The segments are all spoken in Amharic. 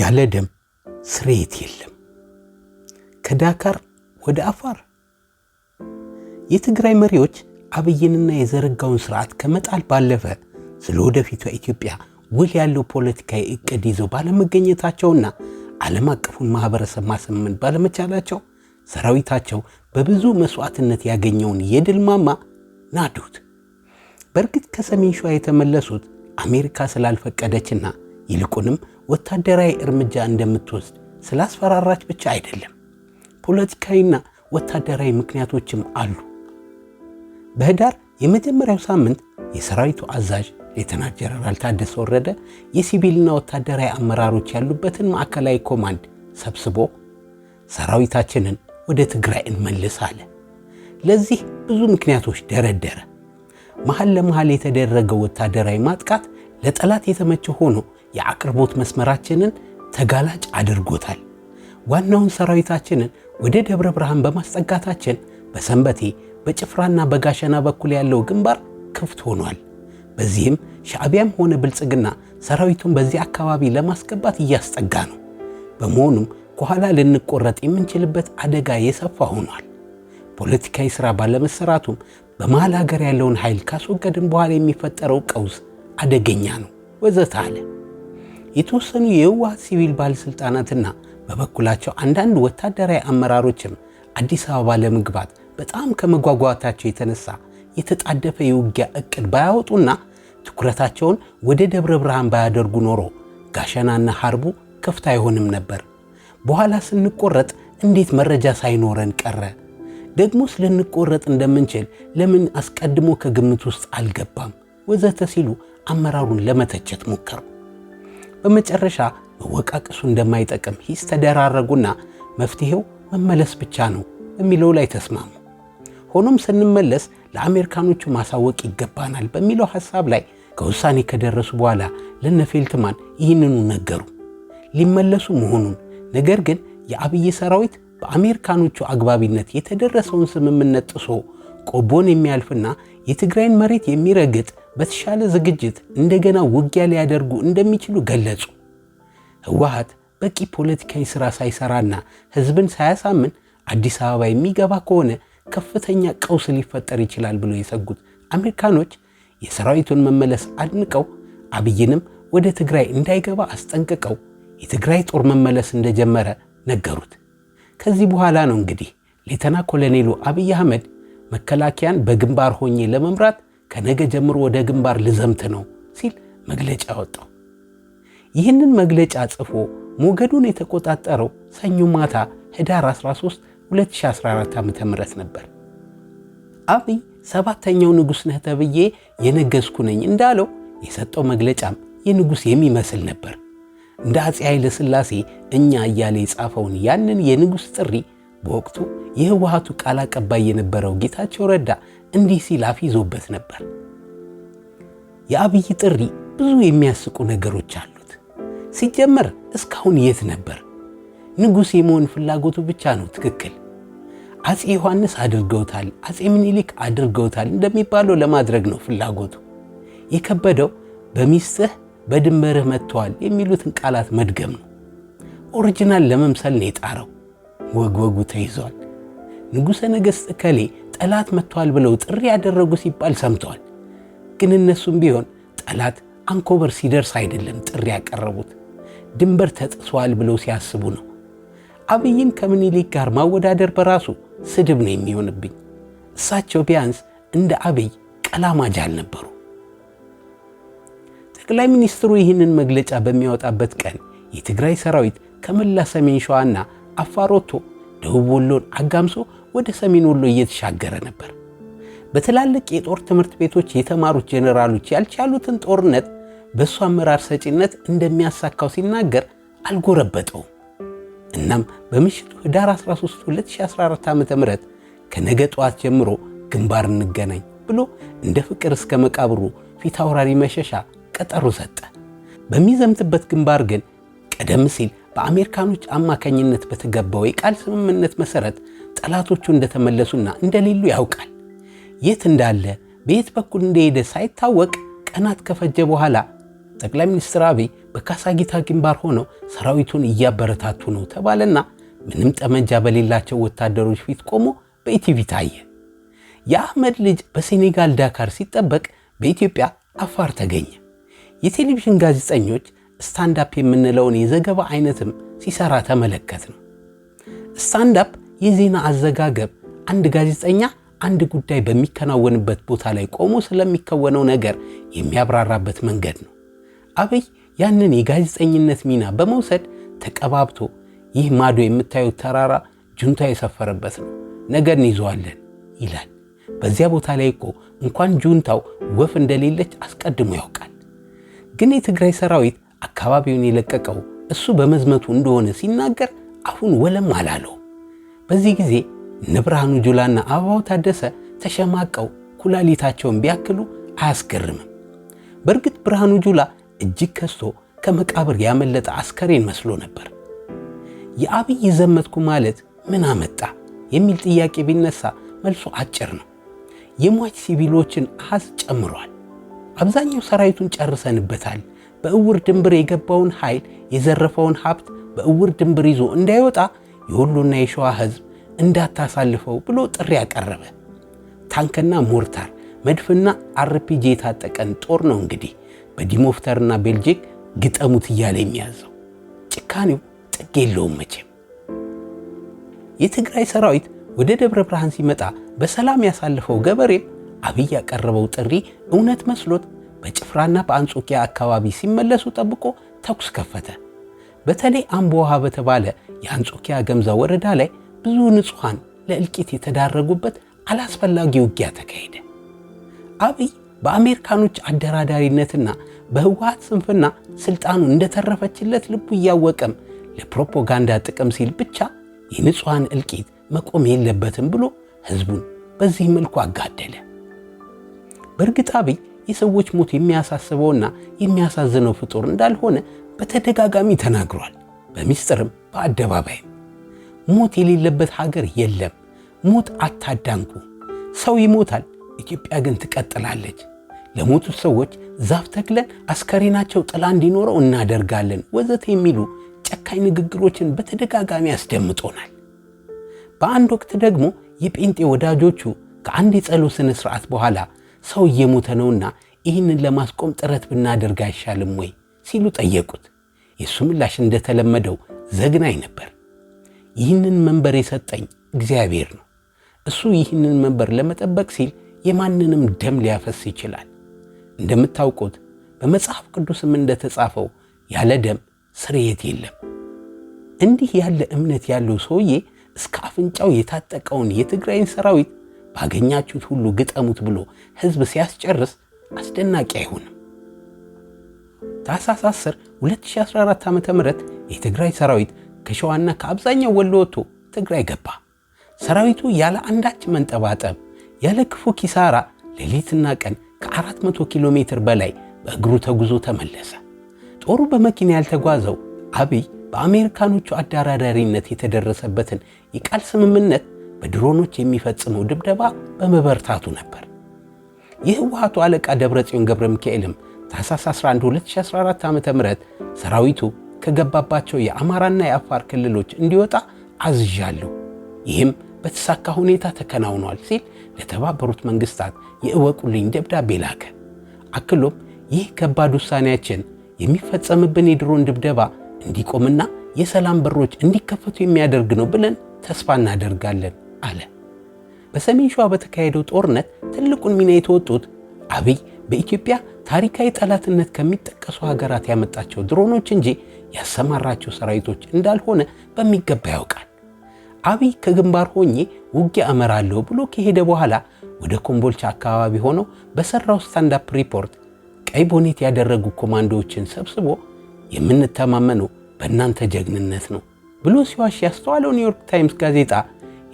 ያለ ደም ስርየት የለም። ከዳካር ወደ አፋር የትግራይ መሪዎች አብይንና የዘረጋውን ስርዓት ከመጣል ባለፈ ስለ ወደፊቷ ኢትዮጵያ ውል ያለው ፖለቲካዊ እቅድ ይዘው ባለመገኘታቸውና ዓለም አቀፉን ማህበረሰብ ማሰመን ባለመቻላቸው ሰራዊታቸው በብዙ መስዋዕትነት ያገኘውን የድል ማማ ናዱት። በእርግጥ ከሰሜን ሸዋ የተመለሱት አሜሪካ ስላልፈቀደችና ይልቁንም ወታደራዊ እርምጃ እንደምትወስድ ስላስፈራራች ብቻ አይደለም፣ ፖለቲካዊና ወታደራዊ ምክንያቶችም አሉ። በህዳር የመጀመሪያው ሳምንት የሰራዊቱ አዛዥ ሌተናንት ጀነራል ታደሰ ወረደ የሲቪልና ወታደራዊ አመራሮች ያሉበትን ማዕከላዊ ኮማንድ ሰብስቦ ሰራዊታችንን ወደ ትግራይ እንመልስ አለ። ለዚህ ብዙ ምክንያቶች ደረደረ። መሀል ለመሀል የተደረገው ወታደራዊ ማጥቃት ለጠላት የተመቸ ሆኖ የአቅርቦት መስመራችንን ተጋላጭ አድርጎታል። ዋናውን ሰራዊታችንን ወደ ደብረ ብርሃን በማስጠጋታችን በሰንበቴ በጭፍራና በጋሸና በኩል ያለው ግንባር ክፍት ሆኗል። በዚህም ሻዕቢያም ሆነ ብልጽግና ሰራዊቱን በዚህ አካባቢ ለማስገባት እያስጠጋ ነው። በመሆኑም ከኋላ ልንቆረጥ የምንችልበት አደጋ የሰፋ ሆኗል። ፖለቲካዊ ሥራ ባለመሰራቱም በመሀል ሀገር ያለውን ኃይል ካስወገድን በኋላ የሚፈጠረው ቀውስ አደገኛ ነው ወዘተ አለ። የተወሰኑ የህወሓት ሲቪል ባለሥልጣናትና በበኩላቸው አንዳንድ ወታደራዊ አመራሮችም አዲስ አበባ ለመግባት በጣም ከመጓጓታቸው የተነሳ የተጣደፈ የውጊያ እቅድ ባያወጡና ትኩረታቸውን ወደ ደብረ ብርሃን ባያደርጉ ኖሮ ጋሸናና ሐርቡ ክፍት አይሆንም ነበር። በኋላ ስንቆረጥ እንዴት መረጃ ሳይኖረን ቀረ? ደግሞ ስልንቆረጥ እንደምንችል ለምን አስቀድሞ ከግምት ውስጥ አልገባም? ወዘተ ሲሉ አመራሩን ለመተቸት ሞከሩ። በመጨረሻ መወቃቀሱ እንደማይጠቅም ሂስ ተደራረጉና መፍትሄው መመለስ ብቻ ነው በሚለው ላይ ተስማሙ። ሆኖም ስንመለስ ለአሜሪካኖቹ ማሳወቅ ይገባናል በሚለው ሐሳብ ላይ ከውሳኔ ከደረሱ በኋላ ለነፌልትማን ይህንኑ ነገሩ። ሊመለሱ መሆኑን ነገር ግን የአብይ ሰራዊት በአሜሪካኖቹ አግባቢነት የተደረሰውን ስምምነት ጥሶ ቆቦን የሚያልፍና የትግራይን መሬት የሚረግጥ በተሻለ ዝግጅት እንደገና ውጊያ ሊያደርጉ እንደሚችሉ ገለጹ። ህወሓት በቂ ፖለቲካዊ ሥራ ሳይሰራና ህዝብን ሳያሳምን አዲስ አበባ የሚገባ ከሆነ ከፍተኛ ቀውስ ሊፈጠር ይችላል ብሎ የሰጉት አሜሪካኖች የሰራዊቱን መመለስ አድንቀው አብይንም ወደ ትግራይ እንዳይገባ አስጠንቅቀው የትግራይ ጦር መመለስ እንደጀመረ ነገሩት። ከዚህ በኋላ ነው እንግዲህ ሌተና ኮሎኔሉ አብይ አህመድ መከላከያን በግንባር ሆኜ ለመምራት ከነገ ጀምሮ ወደ ግንባር ልዘምት ነው ሲል መግለጫ ወጣው። ይህንን መግለጫ ጽፎ ሞገዱን የተቆጣጠረው ሰኞ ማታ ህዳር 13 2014 ዓ ም ነበር። አብይ ሰባተኛው ንጉሥ ነህ ተብዬ የነገስኩ ነኝ እንዳለው የሰጠው መግለጫም የንጉሥ የሚመስል ነበር። እንደ አፄ ኃይለ ሥላሴ እኛ እያለ የጻፈውን ያንን የንጉሥ ጥሪ በወቅቱ የህወሓቱ ቃል አቀባይ የነበረው ጌታቸው ረዳ እንዲህ ሲል አፍ ይዞበት ነበር። የአብይ ጥሪ ብዙ የሚያስቁ ነገሮች አሉት። ሲጀመር እስካሁን የት ነበር? ንጉሥ የመሆን ፍላጎቱ ብቻ ነው ትክክል። አፄ ዮሐንስ አድርገውታል፣ አፄ ምኒልክ አድርገውታል እንደሚባለው ለማድረግ ነው ፍላጎቱ። የከበደው በሚስትህ በድንበርህ መጥተዋል የሚሉትን ቃላት መድገም ነው። ኦሪጂናል ለመምሰል ነው የጣረው። ወግወጉ ተይዟል። ንጉሠ ነገሥት እከሌ ጠላት መጥተዋል ብለው ጥሪ ያደረጉ ሲባል ሰምተዋል። ግን እነሱም ቢሆን ጠላት አንኮበር ሲደርስ አይደለም ጥሪ ያቀረቡት፣ ድንበር ተጥሷል ብለው ሲያስቡ ነው። አብይን ከምኒልክ ጋር ማወዳደር በራሱ ስድብ ነው የሚሆንብኝ። እሳቸው ቢያንስ እንደ አብይ ቀላማጅ አልነበሩ። ጠቅላይ ሚኒስትሩ ይህንን መግለጫ በሚያወጣበት ቀን የትግራይ ሰራዊት ከመላ ሰሜን ሸዋና አፋር ወጥቶ ደቡብ ወሎን አጋምሶ ወደ ሰሜን ወሎ እየተሻገረ ነበር። በትላልቅ የጦር ትምህርት ቤቶች የተማሩት ጄኔራሎች ያልቻሉትን ጦርነት በእሱ አመራር ሰጪነት እንደሚያሳካው ሲናገር አልጎረበጠው እናም በምሽቱ ህዳር 13 2014 ዓ ም ከነገ ጠዋት ጀምሮ ግንባር እንገናኝ ብሎ እንደ ፍቅር እስከ መቃብሩ ፊት አውራሪ መሸሻ ቀጠሮ ሰጠ። በሚዘምትበት ግንባር ግን ቀደም ሲል በአሜሪካኖች አማካኝነት በተገባው የቃል ስምምነት መሠረት ጠላቶቹ እንደተመለሱና እንደሌሉ ያውቃል። የት እንዳለ በየት በኩል እንደሄደ ሳይታወቅ ቀናት ከፈጀ በኋላ ጠቅላይ ሚኒስትር አብይ በካሳጊታ ግንባር ሆነው ሰራዊቱን እያበረታቱ ነው ተባለና ምንም ጠመንጃ በሌላቸው ወታደሮች ፊት ቆሞ በኢቲቪ ታየ። የአህመድ ልጅ በሴኔጋል ዳካር ሲጠበቅ በኢትዮጵያ አፋር ተገኘ። የቴሌቪዥን ጋዜጠኞች ስታንዳፕ የምንለውን የዘገባ አይነትም ሲሰራ ተመለከት ነው። ስታንዳፕ የዜና አዘጋገብ አንድ ጋዜጠኛ አንድ ጉዳይ በሚከናወንበት ቦታ ላይ ቆሞ ስለሚከወነው ነገር የሚያብራራበት መንገድ ነው። አብይ ያንን የጋዜጠኝነት ሚና በመውሰድ ተቀባብቶ ይህ ማዶ የምታዩት ተራራ ጁንታ የሰፈረበት ነው፣ ነገር እንይዘዋለን ይላል። በዚያ ቦታ ላይ እኮ እንኳን ጁንታው ወፍ እንደሌለች አስቀድሞ ያውቃል። ግን የትግራይ ሰራዊት አካባቢውን የለቀቀው እሱ በመዝመቱ እንደሆነ ሲናገር አሁን ወለም አላለው። በዚህ ጊዜ እነ ብርሃኑ ጁላና አበባው ታደሰ ተሸማቀው ኩላሊታቸውን ቢያክሉ አያስገርምም። በእርግጥ ብርሃኑ ጁላ እጅግ ከስቶ ከመቃብር ያመለጠ አስከሬን መስሎ ነበር። የአብይ ዘመትኩ ማለት ምን አመጣ የሚል ጥያቄ ቢነሳ መልሱ አጭር ነው። የሟች ሲቪሎችን አሃዝ ጨምሯል። አብዛኛው ሰራዊቱን ጨርሰንበታል። በእውር ድንብር የገባውን ኃይል የዘረፈውን ሀብት በእውር ድንብር ይዞ እንዳይወጣ የወሎና የሸዋ ህዝብ እንዳታሳልፈው ብሎ ጥሪ ያቀረበ ታንክና ሞርታር መድፍና አርፒጂ የታጠቀን ጦር ነው እንግዲህ በዲሞፍተርና ቤልጂክ ግጠሙት እያለ የሚያዘው ጭካኔው ጥግ የለውም መቼም። የትግራይ ሰራዊት ወደ ደብረ ብርሃን ሲመጣ በሰላም ያሳልፈው ገበሬም አብይ ያቀረበው ጥሪ እውነት መስሎት በጭፍራና በአንጾኪያ አካባቢ ሲመለሱ ጠብቆ ተኩስ ከፈተ። በተለይ ውሃ በተባለ የአንጾኪያ ገምዛ ወረዳ ላይ ብዙ ንጹሐን ለእልቂት የተዳረጉበት አላስፈላጊ ውጊያ ተካሄደ። አብይ በአሜሪካኖች አደራዳሪነትና በህወሀት ስንፍና ስልጣኑ እንደተረፈችለት ልቡ እያወቀም ለፕሮፓጋንዳ ጥቅም ሲል ብቻ የንጹሐን እልቂት መቆም የለበትም ብሎ ህዝቡን በዚህ መልኩ አጋደለ። በእርግጥ አብይ የሰዎች ሞት የሚያሳስበውና የሚያሳዝነው ፍጡር እንዳልሆነ በተደጋጋሚ ተናግሯል። በሚስጥርም በአደባባይም። ሞት የሌለበት ሀገር የለም። ሞት አታዳንቁ። ሰው ይሞታል፣ ኢትዮጵያ ግን ትቀጥላለች። ለሞቱት ሰዎች ዛፍ ተክለን አስከሬናቸው ጥላ እንዲኖረው እናደርጋለን ወዘት የሚሉ ጨካኝ ንግግሮችን በተደጋጋሚ ያስደምጦናል። በአንድ ወቅት ደግሞ የጴንጤ ወዳጆቹ ከአንድ የጸሎት ስነ ስርዓት በኋላ ሰው እየሞተ ነውና ይህንን ለማስቆም ጥረት ብናደርግ አይሻልም ወይ ሲሉ ጠየቁት። የእሱ ምላሽ እንደተለመደው ዘግናኝ ነበር። ይህንን መንበር የሰጠኝ እግዚአብሔር ነው። እሱ ይህንን መንበር ለመጠበቅ ሲል የማንንም ደም ሊያፈስ ይችላል። እንደምታውቁት በመጽሐፍ ቅዱስም እንደተጻፈው ያለ ደም ስርየት የለም። እንዲህ ያለ እምነት ያለው ሰውዬ እስከ አፍንጫው የታጠቀውን የትግራይን ሰራዊት ባገኛችሁት ሁሉ ግጠሙት ብሎ ሕዝብ ሲያስጨርስ አስደናቂ አይሆንም። ታህሳስ 10 2014 ዓ.ም የትግራይ ሰራዊት ከሸዋና ከአብዛኛው ወሎ ወጥቶ ትግራይ ገባ። ሰራዊቱ ያለ አንዳች መንጠባጠብ ያለ ክፉ ኪሳራ ሌሊትና ቀን ከ400 ኪሎ ሜትር በላይ በእግሩ ተጉዞ ተመለሰ። ጦሩ በመኪና ያልተጓዘው አብይ በአሜሪካኖቹ አደራዳሪነት የተደረሰበትን የቃል ስምምነት በድሮኖች የሚፈጽመው ድብደባ በመበርታቱ ነበር። የህወሓቱ አለቃ ደብረጽዮን ገብረ ሚካኤልም ታህሳስ 11 2014 ዓ ም ሰራዊቱ ከገባባቸው የአማራና የአፋር ክልሎች እንዲወጣ አዝዣለሁ። ይህም በተሳካ ሁኔታ ተከናውኗል ሲል ለተባበሩት መንግስታት የእወቁልኝ ደብዳቤ ላከ። አክሎም ይህ ከባድ ውሳኔያችን የሚፈጸምብን የድሮን ድብደባ እንዲቆምና የሰላም በሮች እንዲከፈቱ የሚያደርግ ነው ብለን ተስፋ እናደርጋለን አለ። በሰሜን ሸዋ በተካሄደው ጦርነት ትልቁን ሚና የተወጡት አብይ በኢትዮጵያ ታሪካዊ ጠላትነት ከሚጠቀሱ ሀገራት ያመጣቸው ድሮኖች እንጂ ያሰማራቸው ሰራዊቶች እንዳልሆነ በሚገባ ያውቃል። አብይ ከግንባር ሆኜ ውጊያ እመራለሁ ብሎ ከሄደ በኋላ ወደ ኮምቦልቻ አካባቢ ሆነው በሰራው ስታንዳፕ ሪፖርት ቀይ ቦኔት ያደረጉ ኮማንዶዎችን ሰብስቦ የምንተማመነው በእናንተ ጀግንነት ነው ብሎ ሲዋሽ ያስተዋለው ኒውዮርክ ታይምስ ጋዜጣ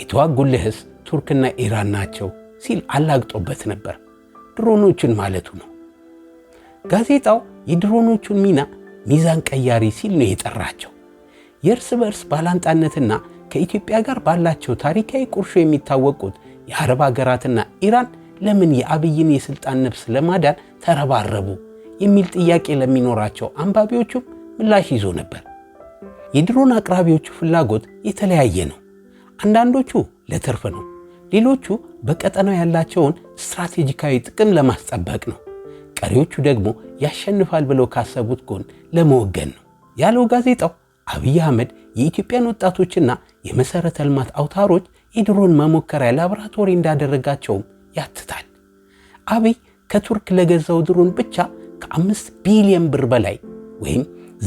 የተዋጉልህስ ቱርክና ኢራን ናቸው ሲል አላግጦበት ነበር። ድሮኖችን ማለቱ ነው። ጋዜጣው የድሮኖቹን ሚና ሚዛን ቀያሪ ሲል ነው የጠራቸው። የእርስ በእርስ ባላንጣነትና ከኢትዮጵያ ጋር ባላቸው ታሪካዊ ቁርሾ የሚታወቁት የአረብ ሀገራትና ኢራን ለምን የአብይን የሥልጣን ነፍስ ለማዳን ተረባረቡ የሚል ጥያቄ ለሚኖራቸው አንባቢዎቹም ምላሽ ይዞ ነበር። የድሮን አቅራቢዎቹ ፍላጎት የተለያየ ነው። አንዳንዶቹ ለትርፍ ነው፣ ሌሎቹ በቀጠናው ያላቸውን ስትራቴጂካዊ ጥቅም ለማስጠበቅ ነው። ቀሪዎቹ ደግሞ ያሸንፋል ብለው ካሰቡት ጎን ለመወገን ነው ያለው ጋዜጣው። አብይ አህመድ የኢትዮጵያን ወጣቶችና የመሠረተ ልማት አውታሮች የድሮን መሞከሪያ ላቦራቶሪ እንዳደረጋቸውም ያትታል። አብይ ከቱርክ ለገዛው ድሮን ብቻ ከ5 ቢሊዮን ብር በላይ ወይም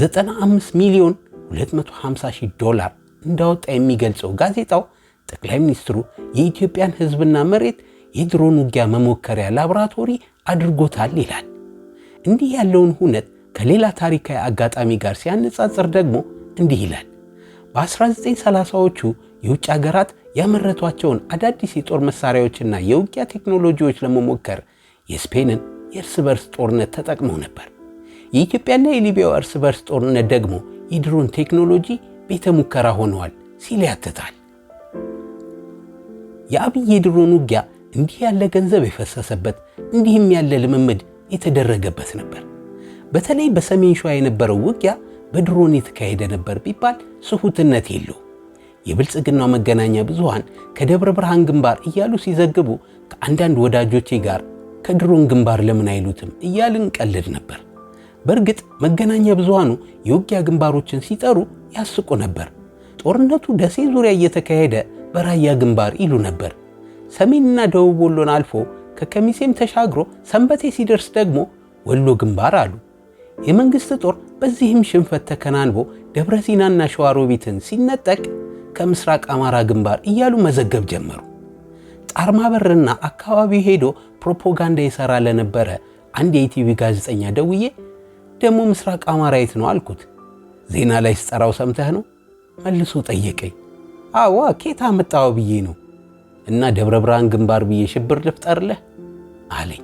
95 ሚሊዮን 250 ዶላር እንዳወጣ የሚገልጸው ጋዜጣው ጠቅላይ ሚኒስትሩ የኢትዮጵያን ሕዝብና መሬት የድሮን ውጊያ መሞከሪያ ላቦራቶሪ አድርጎታል ይላል። እንዲህ ያለውን ሁነት ከሌላ ታሪካዊ አጋጣሚ ጋር ሲያነጻጽር ደግሞ እንዲህ ይላል። በ1930ዎቹ የውጭ ሀገራት ያመረቷቸውን አዳዲስ የጦር መሳሪያዎችና የውጊያ ቴክኖሎጂዎች ለመሞከር የስፔንን የእርስ በርስ ጦርነት ተጠቅመው ነበር። የኢትዮጵያና የሊቢያው እርስ በርስ ጦርነት ደግሞ የድሮን ቴክኖሎጂ ቤተ ሙከራ ሆነዋል ሲል ያትታል። የአብይ ድሮን ውጊያ እንዲህ ያለ ገንዘብ የፈሰሰበት እንዲህም ያለ ልምምድ የተደረገበት ነበር። በተለይ በሰሜን ሸዋ የነበረው ውጊያ በድሮን የተካሄደ ነበር ቢባል ስሁትነት የለው። የብልጽግናው መገናኛ ብዙሃን ከደብረ ብርሃን ግንባር እያሉ ሲዘግቡ ከአንዳንድ ወዳጆቼ ጋር ከድሮን ግንባር ለምን አይሉትም እያልን ቀልድ ነበር። በእርግጥ መገናኛ ብዙሃኑ የውጊያ ግንባሮችን ሲጠሩ ያስቁ ነበር። ጦርነቱ ደሴ ዙሪያ እየተካሄደ በራያ ግንባር ይሉ ነበር። ሰሜንና ደቡብ ወሎን አልፎ ከከሚሴም ተሻግሮ ሰንበቴ ሲደርስ ደግሞ ወሎ ግንባር አሉ። የመንግሥት ጦር በዚህም ሽንፈት ተከናንቦ ደብረ ሲናና ሸዋሮቢትን ሲነጠቅ ከምስራቅ አማራ ግንባር እያሉ መዘገብ ጀመሩ። ጣርማ በርና አካባቢው ሄዶ ፕሮፓጋንዳ ይሠራ ለነበረ አንድ የኢቲቪ ጋዜጠኛ ደውዬ ደግሞ ምስራቅ አማራ የት ነው አልኩት። ዜና ላይ ስጠራው ሰምተህ ነው መልሶ ጠየቀኝ። አዋ ኬታ መጣው ብዬ ነው እና ደብረ ብርሃን ግንባር ብዬ ሽብር ልፍጠርልህ አለኝ።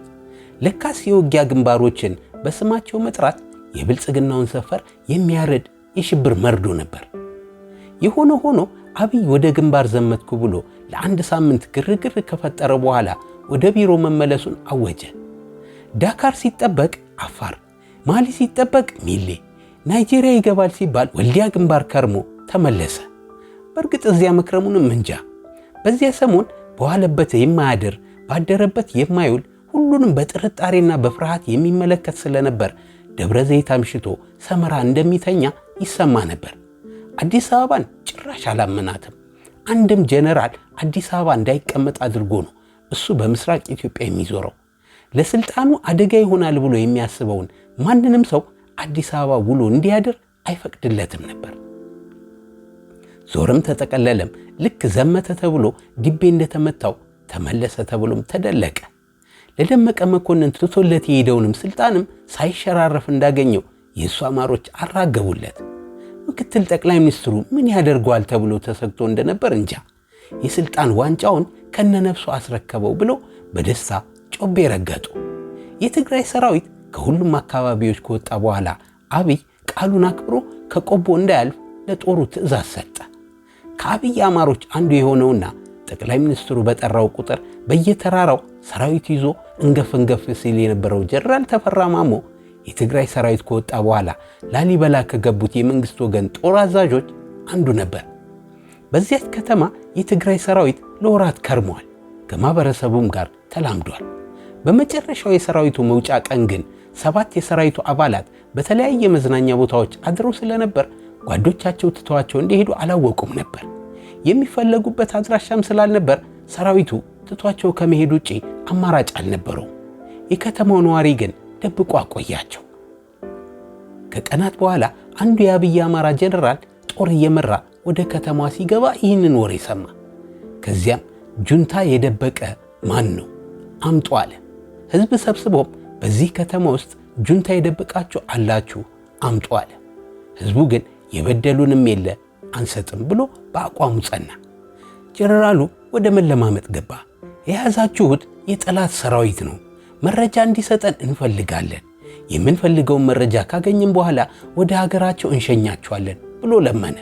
ለካስ የውጊያ ግንባሮችን በስማቸው መጥራት የብልጽግናውን ሰፈር የሚያረድ የሽብር መርዶ ነበር። የሆነ ሆኖ አብይ ወደ ግንባር ዘመትኩ ብሎ ለአንድ ሳምንት ግርግር ከፈጠረ በኋላ ወደ ቢሮ መመለሱን አወጀ። ዳካር ሲጠበቅ አፋር፣ ማሊ ሲጠበቅ ሚሌ፣ ናይጄሪያ ይገባል ሲባል ወልዲያ ግንባር ከርሞ ተመለሰ። በእርግጥ እዚያ መክረሙንም እንጃ። በዚያ ሰሞን በዋለበት የማያድር ባደረበት የማይውል ሁሉንም በጥርጣሬና በፍርሃት የሚመለከት ስለነበር ደብረ ዘይት አምሽቶ ሰመራ እንደሚተኛ ይሰማ ነበር። አዲስ አበባን ጭራሽ አላመናትም። አንድም ጀነራል አዲስ አበባ እንዳይቀመጥ አድርጎ ነው እሱ በምስራቅ ኢትዮጵያ የሚዞረው። ለስልጣኑ አደጋ ይሆናል ብሎ የሚያስበውን ማንንም ሰው አዲስ አበባ ውሎ እንዲያድር አይፈቅድለትም ነበር። ዞረም ተጠቀለለም። ልክ ዘመተ ተብሎ ግቤ እንደተመታው ተመለሰ ተብሎም ተደለቀ። ለደመቀ መኮንን ትቶለት የሄደውንም ስልጣንም ሳይሸራረፍ እንዳገኘው የእሱ አማሮች አራገቡለት። ምክትል ጠቅላይ ሚኒስትሩ ምን ያደርገዋል ተብሎ ተሰግቶ እንደነበር እንጃ የስልጣን ዋንጫውን ከነነፍሱ አስረከበው ብሎ በደስታ ጮቤ ረገጡ። የትግራይ ሰራዊት ከሁሉም አካባቢዎች ከወጣ በኋላ አብይ ቃሉን አክብሮ ከቆቦ እንዳያልፍ ለጦሩ ትዕዛዝ ሰጠ። ከአብይ አማሮች አንዱ የሆነውና ጠቅላይ ሚኒስትሩ በጠራው ቁጥር በየተራራው ሰራዊት ይዞ እንገፍ እንገፍ ሲል የነበረው ጀነራል ተፈራ ማሞ የትግራይ ሰራዊት ከወጣ በኋላ ላሊበላ ከገቡት የመንግስት ወገን ጦር አዛዦች አንዱ ነበር። በዚያች ከተማ የትግራይ ሰራዊት ለወራት ከርሟል፣ ከማህበረሰቡም ጋር ተላምዷል። በመጨረሻው የሰራዊቱ መውጫ ቀን ግን ሰባት የሰራዊቱ አባላት በተለያየ መዝናኛ ቦታዎች አድረው ስለነበር ጓዶቻቸው ትተዋቸው እንዲሄዱ አላወቁም ነበር። የሚፈለጉበት አድራሻም ስላልነበር ሰራዊቱ ትቷቸው ከመሄድ ውጪ አማራጭ አልነበረው። የከተማው ነዋሪ ግን ደብቆ አቆያቸው። ከቀናት በኋላ አንዱ የአብይ አማራ ጀነራል ጦር እየመራ ወደ ከተማዋ ሲገባ ይህንን ወሬ ሰማ። ከዚያም ጁንታ የደበቀ ማን ነው አምጦ አለ። ህዝብ ሰብስቦም በዚህ ከተማ ውስጥ ጁንታ የደበቃችሁ አላችሁ አምጦ አለ። ህዝቡ ግን የበደሉንም የለ አንሰጥም ብሎ በአቋሙ ጸና። ጀነራሉ ወደ መለማመጥ ገባ። የያዛችሁት የጠላት ሰራዊት ነው፣ መረጃ እንዲሰጠን እንፈልጋለን። የምንፈልገውን መረጃ ካገኘን በኋላ ወደ ሀገራቸው እንሸኛቸዋለን ብሎ ለመነ።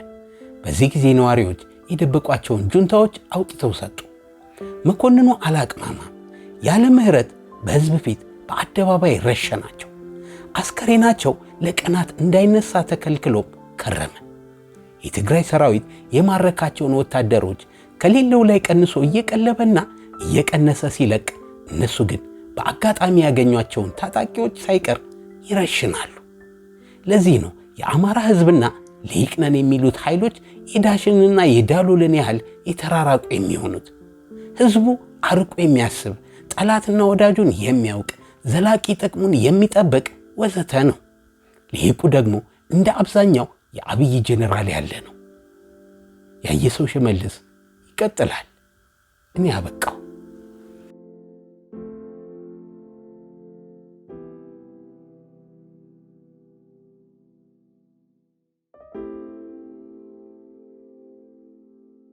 በዚህ ጊዜ ነዋሪዎች የደበቋቸውን ጁንታዎች አውጥተው ሰጡ። መኮንኑ አላቅማማ። ያለ ምሕረት በሕዝብ ፊት በአደባባይ ረሸናቸው። አስከሬናቸው ለቀናት እንዳይነሳ ተከልክሎም ከረመ። የትግራይ ሰራዊት የማረካቸውን ወታደሮች ከሌለው ላይ ቀንሶ እየቀለበና እየቀነሰ ሲለቅ፣ እነሱ ግን በአጋጣሚ ያገኟቸውን ታጣቂዎች ሳይቀር ይረሽናሉ። ለዚህ ነው የአማራ ህዝብና ሊቅነን የሚሉት ኃይሎች የዳሽንና የዳሎልን ያህል የተራራቁ የሚሆኑት። ህዝቡ አርቆ የሚያስብ ጠላትና ወዳጁን የሚያውቅ ዘላቂ ጥቅሙን የሚጠብቅ ወዘተ ነው። ሊቁ ደግሞ እንደ አብዛኛው የአብይ ጀነራል ያለ ነው ያየ ሰው ሽመልስ ይቀጥላል። እኔ አበቃው።